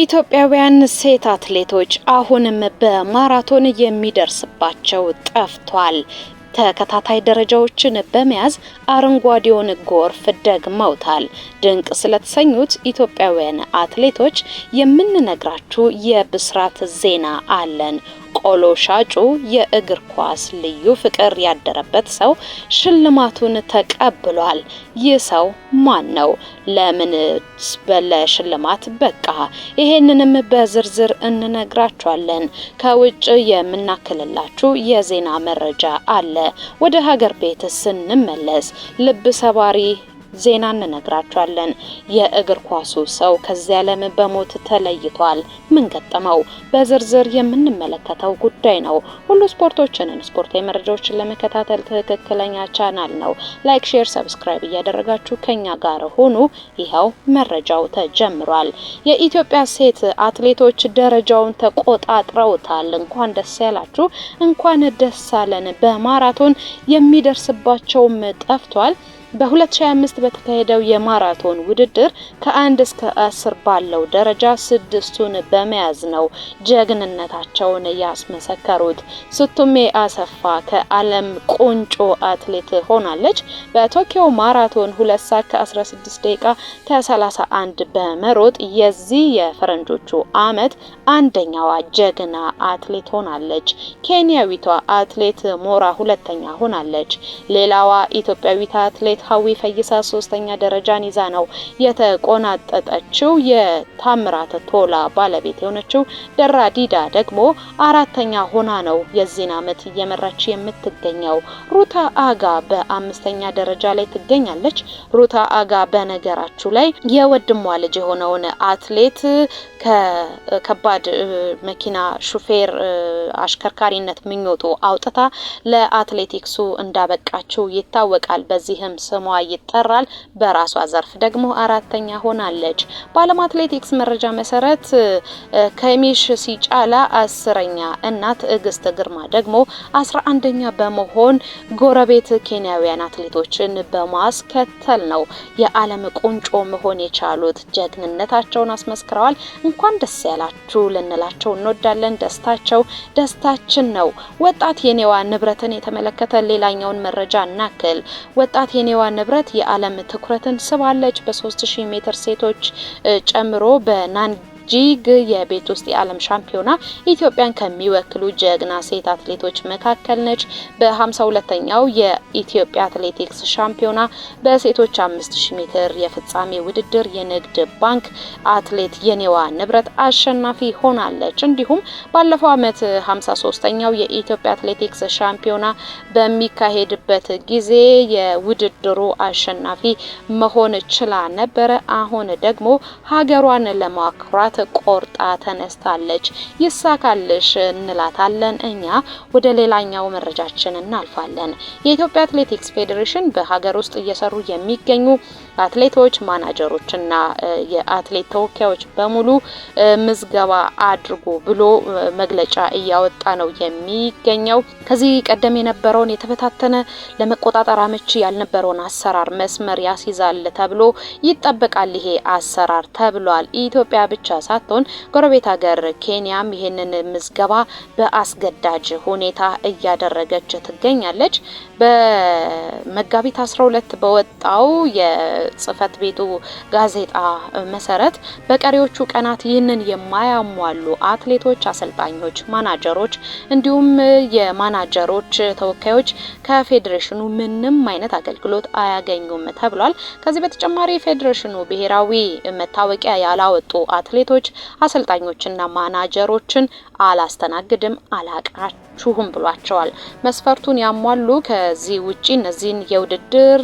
ኢትዮጵያውያን ሴት አትሌቶች አሁንም በማራቶን የሚደርስባቸው ጠፍቷል። ተከታታይ ደረጃዎችን በመያዝ አረንጓዴውን ጎርፍ ደግመውታል። ድንቅ ስለተሰኙት ኢትዮጵያውያን አትሌቶች የምንነግራችሁ የብስራት ዜና አለን። ቆሎ ሻጩ የእግር ኳስ ልዩ ፍቅር ያደረበት ሰው ሽልማቱን ተቀብሏል። ይህ ሰው ማን ነው? ለምን ለሽልማት በቃ? ይሄንንም በዝርዝር እንነግራችኋለን። ከውጭ የምናክልላችሁ የዜና መረጃ አለ። ወደ ሀገር ቤት ስንመለስ ልብ ሰባሪ ዜና እንነግራቸዋለን። የእግር ኳሱ ሰው ከዚህ ዓለም በሞት ተለይቷል። ምን ገጠመው? በዝርዝር የምንመለከተው ጉዳይ ነው። ሁሉ ስፖርቶችንን ስፖርታዊ መረጃዎችን ለመከታተል ትክክለኛ ቻናል ነው። ላይክ፣ ሼር፣ ሰብስክራይብ እያደረጋችሁ ከኛ ጋር ሆኑ። ይኸው መረጃው ተጀምሯል። የኢትዮጵያ ሴት አትሌቶች ደረጃውን ተቆጣጥረውታል። እንኳን ደስ ያላችሁ፣ እንኳን ደስ አለን። በማራቶን የሚደርስባቸውም ጠፍቷል። በ2025 በተካሄደው የማራቶን ውድድር ከአንድ እስከ አስር ባለው ደረጃ ስድስቱን በመያዝ ነው ጀግንነታቸውን ያስመሰከሩት። ስቱሜ አሰፋ ከዓለም ቆንጮ አትሌት ሆናለች። በቶኪዮ ማራቶን ሁለት ሰዓት ከ16 ደቂቃ ከ31 በመሮጥ የዚህ የፈረንጆቹ አመት አንደኛዋ ጀግና አትሌት ሆናለች። ኬንያዊቷ አትሌት ሞራ ሁለተኛ ሆናለች። ሌላዋ ኢትዮጵያዊት አትሌት ሀዊ ፈይሳ ሶስተኛ ደረጃን ይዛ ነው የተቆናጠጠችው። የታምራት ቶላ ባለቤት የሆነችው ደራ ዲዳ ደግሞ አራተኛ ሆና ነው የዚህን አመት እየመራች የምትገኘው። ሩታ አጋ በአምስተኛ ደረጃ ላይ ትገኛለች። ሩታ አጋ በነገራችሁ ላይ የወድሟ ልጅ የሆነውን አትሌት ከከባድ መኪና ሹፌር አሽከርካሪነት ምኞቱ አውጥታ ለአትሌቲክሱ እንዳበቃችው ይታወቃል። በዚህም ስሟ ይጠራል። በራሷ ዘርፍ ደግሞ አራተኛ ሆናለች። በዓለም አትሌቲክስ መረጃ መሰረት ከሚሽ ሲጫላ አስረኛ እና ትዕግስት ግርማ ደግሞ አስራ አንደኛ በመሆን ጎረቤት ኬንያውያን አትሌቶችን በማስከተል ነው የዓለም ቁንጮ መሆን የቻሉት። ጀግንነታቸውን አስመስክረዋል። እንኳን ደስ ያላችሁ ልንላቸው እንወዳለን። ደስታቸው ደስታችን ነው። ወጣት የኔዋ ንብረትን የተመለከተ ሌላኛውን መረጃ እናክል። ወጣት የኔዋ ሔዋን ንብረት የዓለም ትኩረትን ስባለች። በ3000 ሜትር ሴቶች ጨምሮ በናን ጂግ የቤት ውስጥ የዓለም ሻምፒዮና ኢትዮጵያን ከሚወክሉ ጀግና ሴት አትሌቶች መካከል ነች። በ52ኛው የኢትዮጵያ አትሌቲክስ ሻምፒዮና በሴቶች 5000 ሜትር የፍጻሜ ውድድር የንግድ ባንክ አትሌት የኔዋ ንብረት አሸናፊ ሆናለች። እንዲሁም ባለፈው ዓመት 53ኛው የኢትዮጵያ አትሌቲክስ ሻምፒዮና በሚካሄድበት ጊዜ የውድድሩ አሸናፊ መሆን ችላ ነበረ። አሁን ደግሞ ሀገሯን ለማኩራት ለመውጣት ቆርጣ ተነስታለች። ይሳካልሽ እንላታለን። እኛ ወደ ሌላኛው መረጃችን እናልፋለን። የኢትዮጵያ አትሌቲክስ ፌዴሬሽን በሀገር ውስጥ እየሰሩ የሚገኙ አትሌቶች፣ እና የአትሌት ተወካዮች በሙሉ ምዝገባ አድርጎ ብሎ መግለጫ እያወጣ ነው የሚገኘው። ከዚህ ቀደም የነበረውን የተበታተነ ለመቆጣጠር አመቺ ያልነበረውን አሰራር መስመር ያስይዛል ተብሎ ይጠበቃል። ይሄ አሰራር ተብሏል። ኢትዮጵያ ብቻ ሳትሆን ጎረቤት ሀገር ኬንያም ይህንን ምዝገባ በአስገዳጅ ሁኔታ እያደረገች ትገኛለች። በመጋቢት 12 በወጣው ጽህፈት ቤቱ ጋዜጣ መሰረት በቀሪዎቹ ቀናት ይህንን የማያሟሉ አትሌቶች፣ አሰልጣኞች፣ ማናጀሮች እንዲሁም የማናጀሮች ተወካዮች ከፌዴሬሽኑ ምንም አይነት አገልግሎት አያገኙም ተብሏል። ከዚህ በተጨማሪ ፌዴሬሽኑ ብሔራዊ መታወቂያ ያላወጡ አትሌቶች፣ አሰልጣኞችና ማናጀሮችን አላስተናግድም አላቃ አይሆናችሁም ብሏቸዋል። መስፈርቱን ያሟሉ ከዚህ ውጪ እነዚህን የውድድር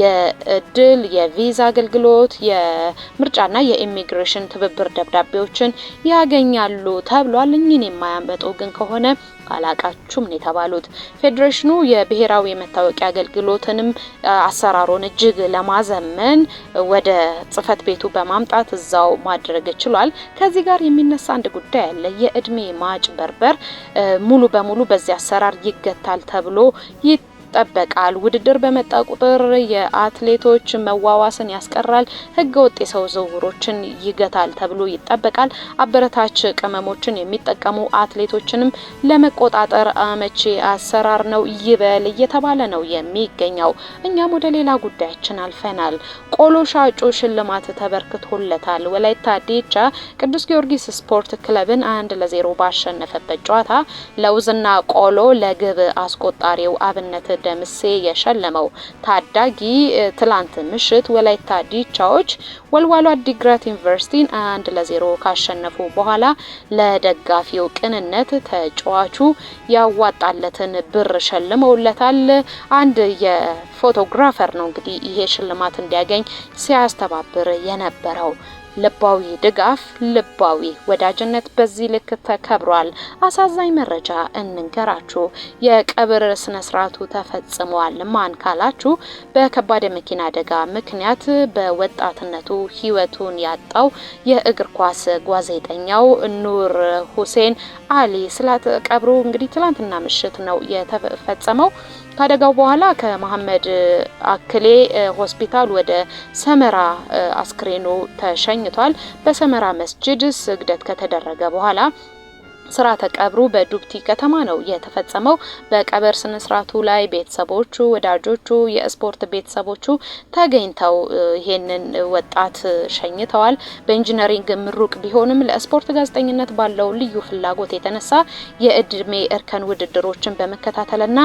የእድል፣ የቪዛ አገልግሎት፣ የምርጫና የኢሚግሬሽን ትብብር ደብዳቤዎችን ያገኛሉ ተብሏል። እኚህን የማያመጡ ግን ከሆነ አላቃችሁም ነው የተባሉት። ፌዴሬሽኑ የብሔራዊ የመታወቂያ አገልግሎትንም አሰራሩን እጅግ ለማዘመን ወደ ጽህፈት ቤቱ በማምጣት እዛው ማድረግ ችሏል። ከዚህ ጋር የሚነሳ አንድ ጉዳይ አለ። የእድሜ ማጭበርበር ሙሉ በሙሉ በዚህ አሰራር ይገታል ተብሎ ይጠበቃል። ውድድር በመጣ ቁጥር የአትሌቶች መዋዋስን ያስቀራል፣ ህገ ወጥ የሰው ዝውውሮችን ይገታል ተብሎ ይጠበቃል። አበረታች ቅመሞችን የሚጠቀሙ አትሌቶችንም ለመቆጣጠር አመቺ አሰራር ነው ይበል እየተባለ ነው የሚገኘው። እኛም ወደ ሌላ ጉዳያችን አልፈናል። ቆሎ ሻጩ ሽልማት ተበርክቶለታል። ወላይታ ዲቻ ቅዱስ ጊዮርጊስ ስፖርት ክለብን አንድ ለዜሮ ባሸነፈበት ጨዋታ ለውዝና ቆሎ ለግብ አስቆጣሪው አብነት ደምሴ የሸለመው። ታዳጊ ትላንት ምሽት ወላይታ ዲቻዎች ወልዋሎ አዲግራት ዩኒቨርሲቲን አንድ ለዜሮ ካሸነፉ በኋላ ለደጋፊው ቅንነት ተጫዋቹ ያዋጣለትን ብር ሸልመውለታል። አንድ የፎቶግራፈር ነው እንግዲህ ይሄ ሽልማት እንዲያገኝ ሲያስተባብር የነበረው። ልባዊ ድጋፍ፣ ልባዊ ወዳጅነት በዚህ ልክ ተከብሯል። አሳዛኝ መረጃ እንንገራችሁ። የቀብር ስነ ስርዓቱ ተፈጽሟል። ማን ካላችሁ በከባድ የመኪና አደጋ ምክንያት በወጣትነቱ ህይወቱን ያጣው የእግር ኳስ ጋዜጠኛው ኑር ሁሴን አሊ ስላት ቀብሩ እንግዲህ ትላንትና ምሽት ነው የተፈጸመው። ካደጋው በኋላ ከመሐመድ አክሌ ሆስፒታል ወደ ሰመራ አስክሬኑ ተሸኝ ተገኝቷል። በሰመራ መስጅድ ስግደት ከተደረገ በኋላ ስርዓተ ቀብሩ በዱብቲ ከተማ ነው የተፈጸመው። በቀብር ስነ ስርዓቱ ላይ ቤተሰቦቹ፣ ወዳጆቹ፣ የስፖርት ቤተሰቦቹ ተገኝተው ይሄንን ወጣት ሸኝተዋል። በኢንጂነሪንግ ምሩቅ ቢሆንም ለስፖርት ጋዜጠኝነት ባለው ልዩ ፍላጎት የተነሳ የእድሜ እርከን ውድድሮችን በመከታተልና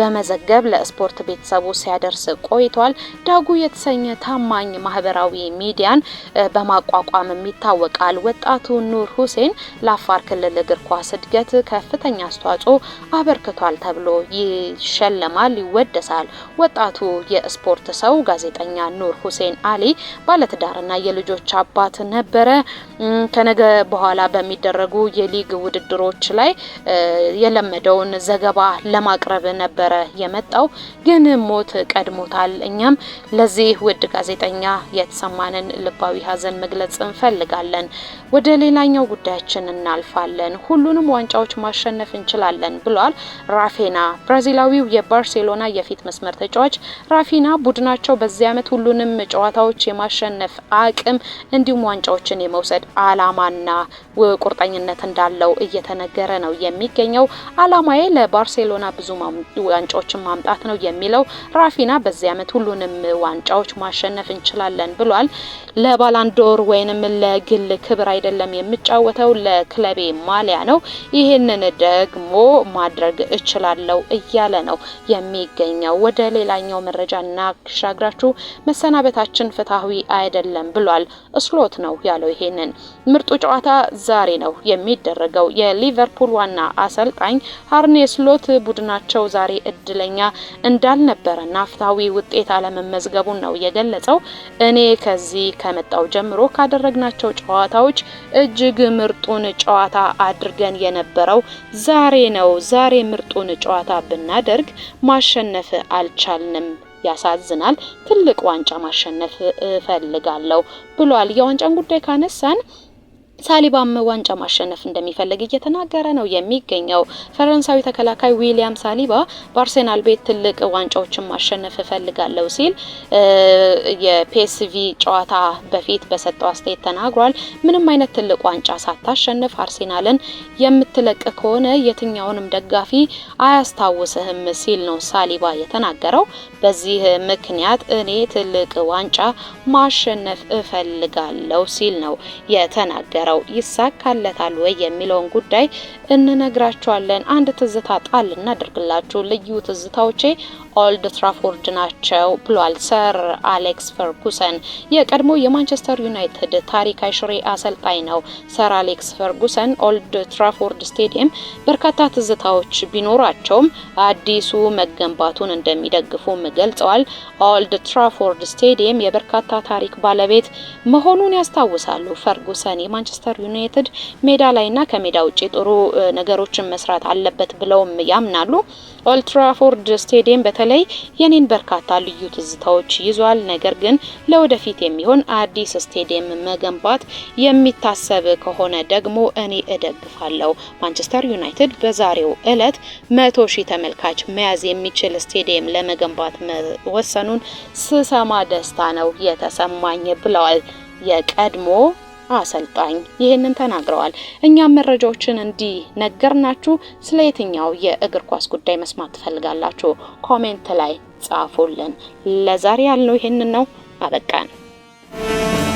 በመዘገብ ለስፖርት ቤተሰቡ ሲያደርስ ቆይቷል። ዳጉ የተሰኘ ታማኝ ማህበራዊ ሚዲያን በማቋቋምም ይታወቃል። ወጣቱ ኑር ሁሴን ለአፋር ክልል የእግር ኳስ እድገት ከፍተኛ አስተዋጽኦ አበርክቷል ተብሎ ይሸለማል፣ ይወደሳል። ወጣቱ የስፖርት ሰው ጋዜጠኛ ኑር ሁሴን አሊ ባለትዳርና የልጆች አባት ነበረ። ከነገ በኋላ በሚደረጉ የሊግ ውድድሮች ላይ የለመደውን ዘገባ ለማቅረብ ነበረ የመጣው፣ ግን ሞት ቀድሞታል። እኛም ለዚህ ውድ ጋዜጠኛ የተሰማንን ልባዊ ሐዘን መግለጽ እንፈልጋለን። ወደ ሌላኛው ጉዳያችን እናልፋለን። እንችላለን፣ ሁሉንም ዋንጫዎች ማሸነፍ እንችላለን ብሏል ራፊና። ብራዚላዊው የባርሴሎና የፊት መስመር ተጫዋች ራፊና ቡድናቸው በዚህ ዓመት ሁሉንም ጨዋታዎች የማሸነፍ አቅም እንዲሁም ዋንጫዎችን የመውሰድ አላማና ቁርጠኝነት እንዳለው እየተነገረ ነው የሚገኘው። አላማዬ ለባርሴሎና ብዙ ዋንጫዎችን ማምጣት ነው የሚለው ራፊና በዚህ ዓመት ሁሉንም ዋንጫዎች ማሸነፍ እንችላለን ብሏል። ለባላንዶር ወይንም ለግል ክብር አይደለም የምጫወተው ለክለቤ ማሊያ ነው። ይህንን ደግሞ ማድረግ እችላለሁ እያለ ነው የሚገኘው። ወደ ሌላኛው መረጃ እናሻግራችሁ። መሰናበታችን ፍትሐዊ አይደለም ብሏል። ስሎት ነው ያለው። ይሄንን ምርጡ ጨዋታ ዛሬ ነው የሚደረገው። የሊቨርፑል ዋና አሰልጣኝ አርኔ ስሎት ቡድናቸው ዛሬ እድለኛ እንዳልነበረና ፍትሐዊ ውጤት አለመመዝገቡን ነው የገለጸው። እኔ ከዚህ ከመጣው ጀምሮ ካደረግናቸው ጨዋታዎች እጅግ ምርጡን ጨዋታ አ አድርገን የነበረው ዛሬ ነው። ዛሬ ምርጡን ጨዋታ ብናደርግ ማሸነፍ አልቻልንም። ያሳዝናል። ትልቅ ዋንጫ ማሸነፍ እፈልጋለሁ ብሏል። የዋንጫን ጉዳይ ካነሳን ሳሊባም ዋንጫ ማሸነፍ እንደሚፈልግ እየተናገረ ነው የሚገኘው። ፈረንሳዊ ተከላካይ ዊሊያም ሳሊባ በአርሴናል ቤት ትልቅ ዋንጫዎችን ማሸነፍ እፈልጋለሁ ሲል የፒኤስቪ ጨዋታ በፊት በሰጠው አስተያየት ተናግሯል። ምንም አይነት ትልቅ ዋንጫ ሳታሸንፍ አርሴናልን የምትለቅ ከሆነ የትኛውንም ደጋፊ አያስታውስህም ሲል ነው ሳሊባ የተናገረው። በዚህ ምክንያት እኔ ትልቅ ዋንጫ ማሸነፍ እፈልጋለሁ ሲል ነው የተናገረው። ይሳካለታል ወይ የሚለውን ጉዳይ እንነግራችኋለን። አንድ ትዝታ ጣል እናደርግላችሁ። ልዩ ትዝታዎቼ ኦልድ ትራፎርድ ናቸው ብሏል ሰር አሌክስ ፈርጉሰን። የቀድሞ የማንቸስተር ዩናይትድ ታሪካዊ ሽሬ አሰልጣኝ ነው ሰር አሌክስ ፈርጉሰን። ኦልድ ትራፎርድ ስቴዲየም በርካታ ትዝታዎች ቢኖራቸውም አዲሱ መገንባቱን እንደሚደግፉም ገልጸዋል። ኦልድ ትራፎርድ ስቴዲየም የበርካታ ታሪክ ባለቤት መሆኑን ያስታውሳሉ ፈርጉሰን። የማንቸስተር ዩናይትድ ሜዳ ላይና ከሜዳ ውጭ ጥሩ ነገሮችን መስራት አለበት ብለውም ያምናሉ። ኦልትራፎርድ ስቴዲየም በተለይ የኔን በርካታ ልዩ ትዝታዎች ይዟል። ነገር ግን ለወደፊት የሚሆን አዲስ ስቴዲየም መገንባት የሚታሰብ ከሆነ ደግሞ እኔ እደግፋለሁ። ማንቸስተር ዩናይትድ በዛሬው እለት መቶ ሺህ ተመልካች መያዝ የሚችል ስቴዲየም ለመገንባት መወሰኑን ስሰማ ደስታ ነው የተሰማኝ ብለዋል የቀድሞ አሰልጣኝ ይህንን ተናግረዋል። እኛም መረጃዎችን እንዲህ ነገርናችሁ። ስለ የትኛው የእግር ኳስ ጉዳይ መስማት ትፈልጋላችሁ? ኮሜንት ላይ ጻፉልን። ለዛሬ ያልነው ይህንን ነው። አበቃን።